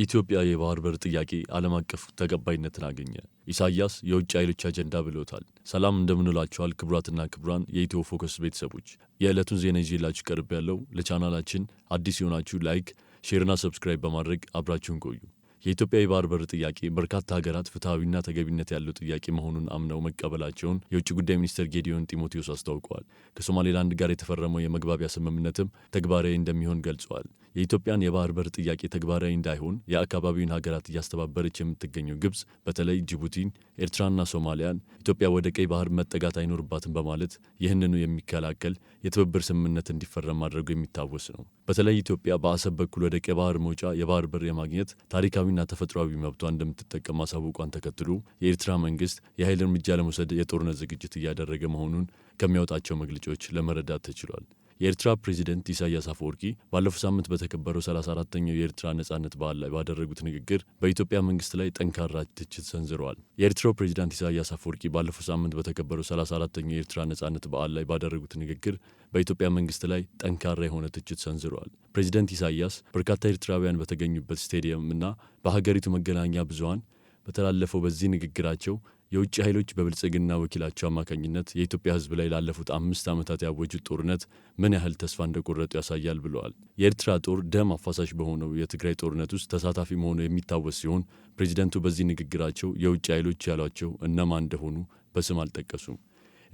የኢትዮጵያ የባህር በር ጥያቄ ዓለም አቀፍ ተቀባይነትን አገኘ። ኢሳያስ የውጭ ኃይሎች አጀንዳ ብሎታል። ሰላም እንደምንላችኋል ክቡራትና ክቡራን የኢትዮ ፎከስ ቤተሰቦች የዕለቱን ዜና ይዤላችሁ ቀርብ ያለው። ለቻናላችን አዲስ የሆናችሁ ላይክ፣ ሼርና ሰብስክራይብ በማድረግ አብራችሁን ቆዩ። የኢትዮጵያ የባህር በር ጥያቄ በርካታ ሀገራት ፍትሐዊና ተገቢነት ያለው ጥያቄ መሆኑን አምነው መቀበላቸውን የውጭ ጉዳይ ሚኒስትር ጌዲዮን ጢሞቴዎስ አስታውቀዋል። ከሶማሌላንድ ጋር የተፈረመው የመግባቢያ ስምምነትም ተግባራዊ እንደሚሆን ገልጸዋል። የኢትዮጵያን የባህር በር ጥያቄ ተግባራዊ እንዳይሆን የአካባቢውን ሀገራት እያስተባበረች የምትገኘው ግብጽ በተለይ ጅቡቲን፣ ኤርትራና ሶማሊያን ኢትዮጵያ ወደ ቀይ ባህር መጠጋት አይኖርባትም በማለት ይህንኑ የሚከላከል የትብብር ስምምነት እንዲፈረም ማድረጉ የሚታወስ ነው። በተለይ ኢትዮጵያ በአሰብ በኩል ወደ ቀይ ባህር መውጫ የባህር በር የማግኘት ታሪካዊና ተፈጥሯዊ መብቷ እንደምትጠቀም ማሳወቋን ተከትሎ የኤርትራ መንግስት የኃይል እርምጃ ለመውሰድ የጦርነት ዝግጅት እያደረገ መሆኑን ከሚያወጣቸው መግለጫዎች ለመረዳት ተችሏል። የኤርትራ ፕሬዚደንት ኢሳያስ አፈወርቂ ባለፈው ሳምንት በተከበረው 34ተኛው የኤርትራ ነጻነት በዓል ላይ ባደረጉት ንግግር በኢትዮጵያ መንግስት ላይ ጠንካራ ትችት ሰንዝረዋል። የኤርትራው ፕሬዚዳንት ኢሳያስ አፈወርቂ ባለፈው ሳምንት በተከበረው 34ተኛው የኤርትራ ነጻነት በዓል ላይ ባደረጉት ንግግር በኢትዮጵያ መንግስት ላይ ጠንካራ የሆነ ትችት ሰንዝረዋል። ፕሬዚደንት ኢሳያስ በርካታ ኤርትራውያን በተገኙበት ስቴዲየም እና በሀገሪቱ መገናኛ ብዙሀን በተላለፈው በዚህ ንግግራቸው የውጭ ኃይሎች በብልጽግና ወኪላቸው አማካኝነት የኢትዮጵያ ሕዝብ ላይ ላለፉት አምስት ዓመታት ያወጁት ጦርነት ምን ያህል ተስፋ እንደቆረጡ ያሳያል ብለዋል። የኤርትራ ጦር ደም አፋሳሽ በሆነው የትግራይ ጦርነት ውስጥ ተሳታፊ መሆኑ የሚታወስ ሲሆን ፕሬዚደንቱ በዚህ ንግግራቸው የውጭ ኃይሎች ያሏቸው እነማን እንደሆኑ በስም አልጠቀሱም።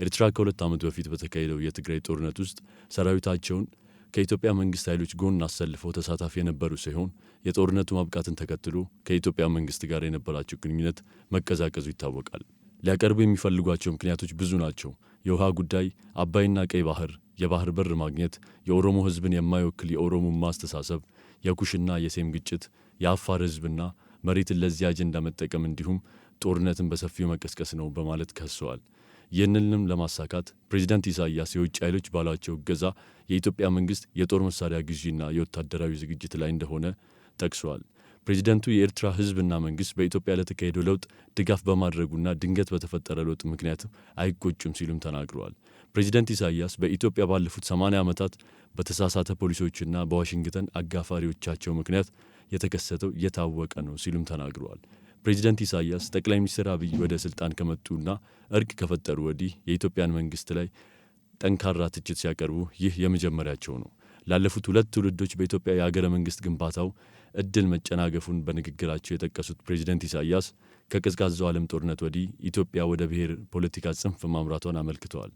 ኤርትራ ከሁለት ዓመት በፊት በተካሄደው የትግራይ ጦርነት ውስጥ ሰራዊታቸውን ከኢትዮጵያ መንግስት ኃይሎች ጎን አሰልፈው ተሳታፊ የነበሩ ሲሆን የጦርነቱ ማብቃትን ተከትሎ ከኢትዮጵያ መንግስት ጋር የነበራቸው ግንኙነት መቀዛቀዙ ይታወቃል። ሊያቀርቡ የሚፈልጓቸው ምክንያቶች ብዙ ናቸው። የውሃ ጉዳይ፣ አባይና ቀይ ባህር፣ የባህር በር ማግኘት፣ የኦሮሞ ህዝብን የማይወክል የኦሮሞማ አስተሳሰብ፣ የኩሽና የሴም ግጭት፣ የአፋር ህዝብና መሬትን ለዚህ አጀንዳ መጠቀም እንዲሁም ጦርነትን በሰፊው መቀስቀስ ነው በማለት ከሰዋል። ይህንንም ለማሳካት ፕሬዚዳንት ኢሳያስ የውጭ ኃይሎች ባሏቸው እገዛ የኢትዮጵያ መንግስት የጦር መሳሪያ ግዢና የወታደራዊ ዝግጅት ላይ እንደሆነ ጠቅሰዋል። ፕሬዚደንቱ የኤርትራ ህዝብና መንግስት በኢትዮጵያ ለተካሄደው ለውጥ ድጋፍ በማድረጉና ድንገት በተፈጠረ ለውጥ ምክንያት አይቆጩም ሲሉም ተናግረዋል። ፕሬዚደንት ኢሳያስ በኢትዮጵያ ባለፉት 80 ዓመታት በተሳሳተ ፖሊሲዎችና በዋሽንግተን አጋፋሪዎቻቸው ምክንያት የተከሰተው የታወቀ ነው ሲሉም ተናግረዋል። ፕሬዚደንት ኢሳያስ ጠቅላይ ሚኒስትር አብይ ወደ ስልጣን ከመጡና እርቅ ከፈጠሩ ወዲህ የኢትዮጵያን መንግስት ላይ ጠንካራ ትችት ሲያቀርቡ ይህ የመጀመሪያቸው ነው። ላለፉት ሁለት ትውልዶች በኢትዮጵያ የአገረ መንግስት ግንባታው እድል መጨናገፉን በንግግራቸው የጠቀሱት ፕሬዚደንት ኢሳያስ ከቀዝቃዛው ዓለም ጦርነት ወዲህ ኢትዮጵያ ወደ ብሔር ፖለቲካ ጽንፍ ማምራቷን አመልክተዋል።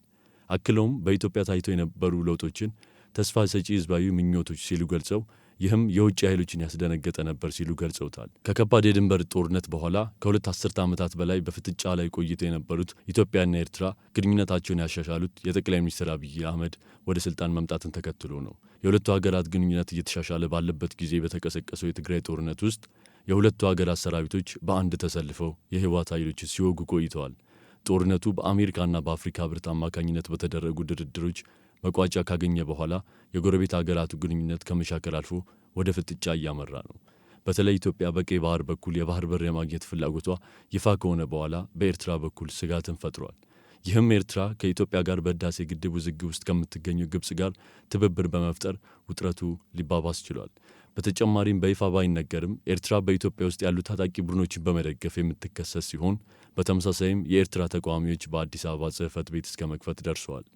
አክለውም በኢትዮጵያ ታይቶ የነበሩ ለውጦችን ተስፋ ሰጪ ህዝባዊ ምኞቶች ሲሉ ገልጸው ይህም የውጭ ኃይሎችን ያስደነገጠ ነበር ሲሉ ገልጸውታል። ከከባድ የድንበር ጦርነት በኋላ ከሁለት አስርተ ዓመታት በላይ በፍጥጫ ላይ ቆይተው የነበሩት ኢትዮጵያና ኤርትራ ግንኙነታቸውን ያሻሻሉት የጠቅላይ ሚኒስትር አብይ አህመድ ወደ ስልጣን መምጣትን ተከትሎ ነው። የሁለቱ ሀገራት ግንኙነት እየተሻሻለ ባለበት ጊዜ በተቀሰቀሰው የትግራይ ጦርነት ውስጥ የሁለቱ ሀገራት ሰራዊቶች በአንድ ተሰልፈው የህወሓት ኃይሎች ሲወጉ ቆይተዋል። ጦርነቱ በአሜሪካና በአፍሪካ ህብረት አማካኝነት በተደረጉ ድርድሮች መቋጫ ካገኘ በኋላ የጎረቤት አገራቱ ግንኙነት ከመሻከር አልፎ ወደ ፍጥጫ እያመራ ነው። በተለይ ኢትዮጵያ በቀይ ባህር በኩል የባህር በር የማግኘት ፍላጎቷ ይፋ ከሆነ በኋላ በኤርትራ በኩል ስጋትን ፈጥሯል። ይህም ኤርትራ ከኢትዮጵያ ጋር በህዳሴ ግድብ ውዝግብ ውስጥ ከምትገኘው ግብፅ ጋር ትብብር በመፍጠር ውጥረቱ ሊባባስ ችሏል። በተጨማሪም በይፋ ባይነገርም ኤርትራ በኢትዮጵያ ውስጥ ያሉ ታጣቂ ቡድኖችን በመደገፍ የምትከሰስ ሲሆን በተመሳሳይም የኤርትራ ተቃዋሚዎች በአዲስ አበባ ጽህፈት ቤት እስከ መክፈት ደርሰዋል።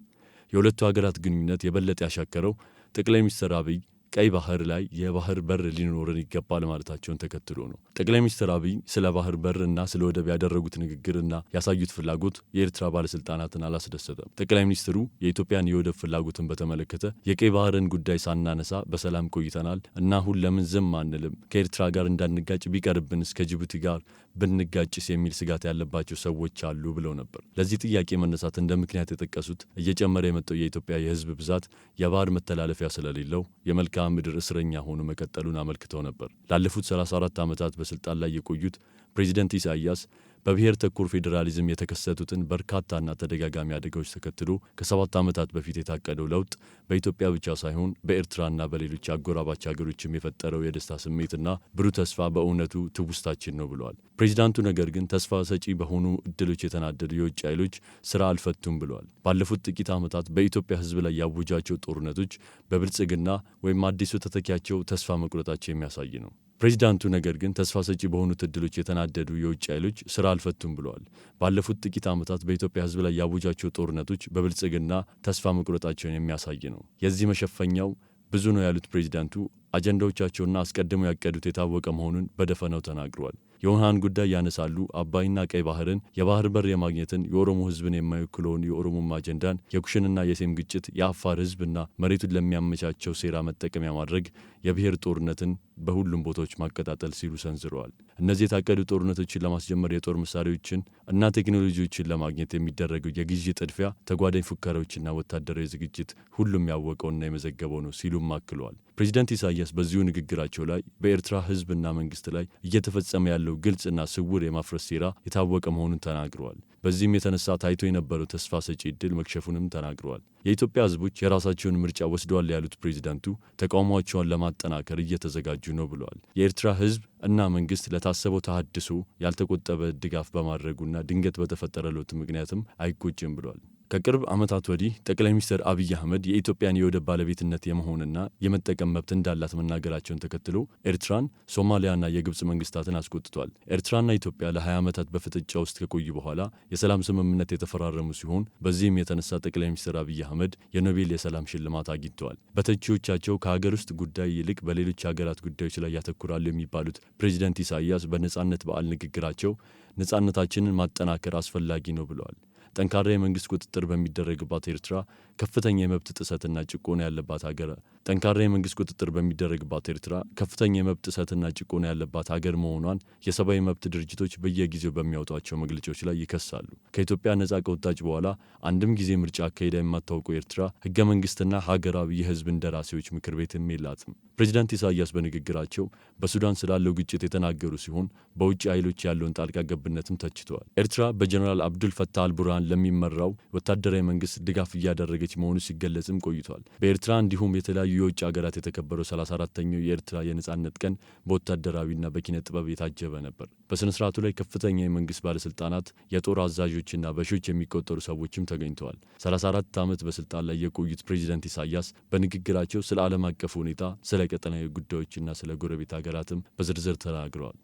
የሁለቱ ሀገራት ግንኙነት የበለጠ ያሻከረው ጠቅላይ ሚኒስትር አብይ ቀይ ባህር ላይ የባህር በር ሊኖረን ይገባል ማለታቸውን ተከትሎ ነው። ጠቅላይ ሚኒስትር አብይ ስለ ባህር በር እና ስለ ወደብ ያደረጉት ንግግርና ያሳዩት ፍላጎት የኤርትራ ባለስልጣናትን አላስደሰተም። ጠቅላይ ሚኒስትሩ የኢትዮጵያን የወደብ ፍላጎትን በተመለከተ የቀይ ባህርን ጉዳይ ሳናነሳ በሰላም ቆይተናል እና አሁን ለምን ዝም አንልም? ከኤርትራ ጋር እንዳንጋጭ ቢቀርብንስ ከጅቡቲ ጋር ብንጋጭስ የሚል ስጋት ያለባቸው ሰዎች አሉ ብለው ነበር። ለዚህ ጥያቄ መነሳት እንደ ምክንያት የጠቀሱት እየጨመረ የመጣው የኢትዮጵያ የህዝብ ብዛት የባህር መተላለፊያ ስለሌለው የመልካ ምድር እስረኛ ሆኖ መቀጠሉን አመልክተው ነበር። ላለፉት 34 ዓመታት በስልጣን ላይ የቆዩት ፕሬዚደንት ኢሳያስ በብሔር ተኮር ፌዴራሊዝም የተከሰቱትን በርካታና ተደጋጋሚ አደጋዎች ተከትሎ ከሰባት ዓመታት በፊት የታቀደው ለውጥ በኢትዮጵያ ብቻ ሳይሆን በኤርትራና በሌሎች አጎራባች ሀገሮችም የፈጠረው የደስታ ስሜትና ብሩህ ተስፋ በእውነቱ ትውስታችን ነው ብለዋል። ፕሬዚዳንቱ ነገር ግን ተስፋ ሰጪ በሆኑ እድሎች የተናደዱ የውጭ ኃይሎች ስራ አልፈቱም ብለዋል። ባለፉት ጥቂት ዓመታት በኢትዮጵያ ሕዝብ ላይ ያወጃቸው ጦርነቶች በብልጽግና ወይም አዲሱ ተተኪያቸው ተስፋ መቁረጣቸው የሚያሳይ ነው። ፕሬዚዳንቱ ነገር ግን ተስፋ ሰጪ በሆኑት እድሎች የተናደዱ የውጭ ኃይሎች ስራ አልፈቱም ብለዋል። ባለፉት ጥቂት ዓመታት በኢትዮጵያ ሕዝብ ላይ ያወጇቸው ጦርነቶች በብልጽግና ተስፋ መቁረጣቸውን የሚያሳይ ነው። የዚህ መሸፈኛው ብዙ ነው ያሉት ፕሬዚዳንቱ አጀንዳዎቻቸውና አስቀድመው ያቀዱት የታወቀ መሆኑን በደፈናው ተናግረዋል። የውሃን ጉዳይ ያነሳሉ። አባይና ቀይ ባህርን፣ የባህር በር የማግኘትን፣ የኦሮሞ ህዝብን የማይወክለውን የኦሮሞማ አጀንዳን፣ የኩሽንና የሴም ግጭት፣ የአፋር ህዝብና መሬቱን ለሚያመቻቸው ሴራ መጠቀሚያ ማድረግ፣ የብሔር ጦርነትን በሁሉም ቦታዎች ማቀጣጠል ሲሉ ሰንዝረዋል። እነዚህ የታቀዱ ጦርነቶችን ለማስጀመር የጦር መሳሪያዎችን እና ቴክኖሎጂዎችን ለማግኘት የሚደረገው የግዢ ጥድፊያ፣ ተጓዳኝ ፉከራዎችና ወታደራዊ ዝግጅት ሁሉም ያወቀውና የመዘገበው ነው ሲሉም አክለዋል። ፕሬዚደንት ኢሳያስ በዚሁ ንግግራቸው ላይ በኤርትራ ሕዝብና መንግስት ላይ እየተፈጸመ ያለው ግልጽና ስውር የማፍረስ ሴራ የታወቀ መሆኑን ተናግረዋል። በዚህም የተነሳ ታይቶ የነበረው ተስፋ ሰጪ እድል መክሸፉንም ተናግረዋል። የኢትዮጵያ ህዝቦች የራሳቸውን ምርጫ ወስደዋል ያሉት ፕሬዚዳንቱ ተቃውሟቸውን ለማጠናከር እየተዘጋጁ ነው ብለዋል። የኤርትራ ህዝብ እና መንግስት ለታሰበው ተሃድሶ ያልተቆጠበ ድጋፍ በማድረጉና ድንገት በተፈጠረ ለውጥ ምክንያትም አይቆጭም ብለዋል። ከቅርብ ዓመታት ወዲህ ጠቅላይ ሚኒስትር አብይ አህመድ የኢትዮጵያን የወደብ ባለቤትነት የመሆንና የመጠቀም መብት እንዳላት መናገራቸውን ተከትሎ ኤርትራን፣ ሶማሊያና የግብፅ መንግስታትን አስቆጥቷል። ኤርትራና ኢትዮጵያ ለ20 ዓመታት በፍጥጫ ውስጥ ከቆዩ በኋላ የሰላም ስምምነት የተፈራረሙ ሲሆን በዚህም የተነሳ ጠቅላይ ሚኒስትር አብይ አህመድ የኖቤል የሰላም ሽልማት አግኝተዋል። በተቺዎቻቸው ከሀገር ውስጥ ጉዳይ ይልቅ በሌሎች ሀገራት ጉዳዮች ላይ ያተኩራሉ የሚባሉት ፕሬዚደንት ኢሳያስ በነጻነት በዓል ንግግራቸው ነጻነታችንን ማጠናከር አስፈላጊ ነው ብለዋል። ጠንካራ የመንግስት ቁጥጥር በሚደረግባት ኤርትራ ከፍተኛ የመብት ጥሰትና ጭቆና ያለባት ሀገር ጠንካራ የመንግስት ቁጥጥር በሚደረግባት ኤርትራ ከፍተኛ የመብት ጥሰትና ጭቆና ያለባት ሀገር መሆኗን የሰብአዊ መብት ድርጅቶች በየጊዜው በሚያወጧቸው መግለጫዎች ላይ ይከሳሉ። ከኢትዮጵያ ነጻ ከወጣች በኋላ አንድም ጊዜ ምርጫ አካሄዳ የማታውቀው ኤርትራ ህገ መንግስትና ሀገራዊ የህዝብ እንደራሴዎች ምክር ቤትም የላትም። ፕሬዚዳንት ኢሳያስ በንግግራቸው በሱዳን ስላለው ግጭት የተናገሩ ሲሆን በውጭ ኃይሎች ያለውን ጣልቃ ገብነትም ተችተዋል። ኤርትራ በጀኔራል አብዱል ፈታህ አልቡርሃን ለሚመራው ወታደራዊ መንግስት ድጋፍ እያደረገ ያደረገች መሆኑ ሲገለጽም ቆይቷል። በኤርትራ እንዲሁም የተለያዩ የውጭ ሀገራት የተከበረው 34ተኛው የኤርትራ የነጻነት ቀን በወታደራዊና በኪነ ጥበብ የታጀበ ነበር። በስነ ስርዓቱ ላይ ከፍተኛ የመንግስት ባለስልጣናት የጦር አዛዦችና በሺዎች የሚቆጠሩ ሰዎችም ተገኝተዋል። 34 ዓመት በስልጣን ላይ የቆዩት ፕሬዚደንት ኢሳያስ በንግግራቸው ስለ ዓለም አቀፍ ሁኔታ፣ ስለ ቀጠናዊ ጉዳዮችና ስለ ጎረቤት ሀገራትም በዝርዝር ተናግረዋል።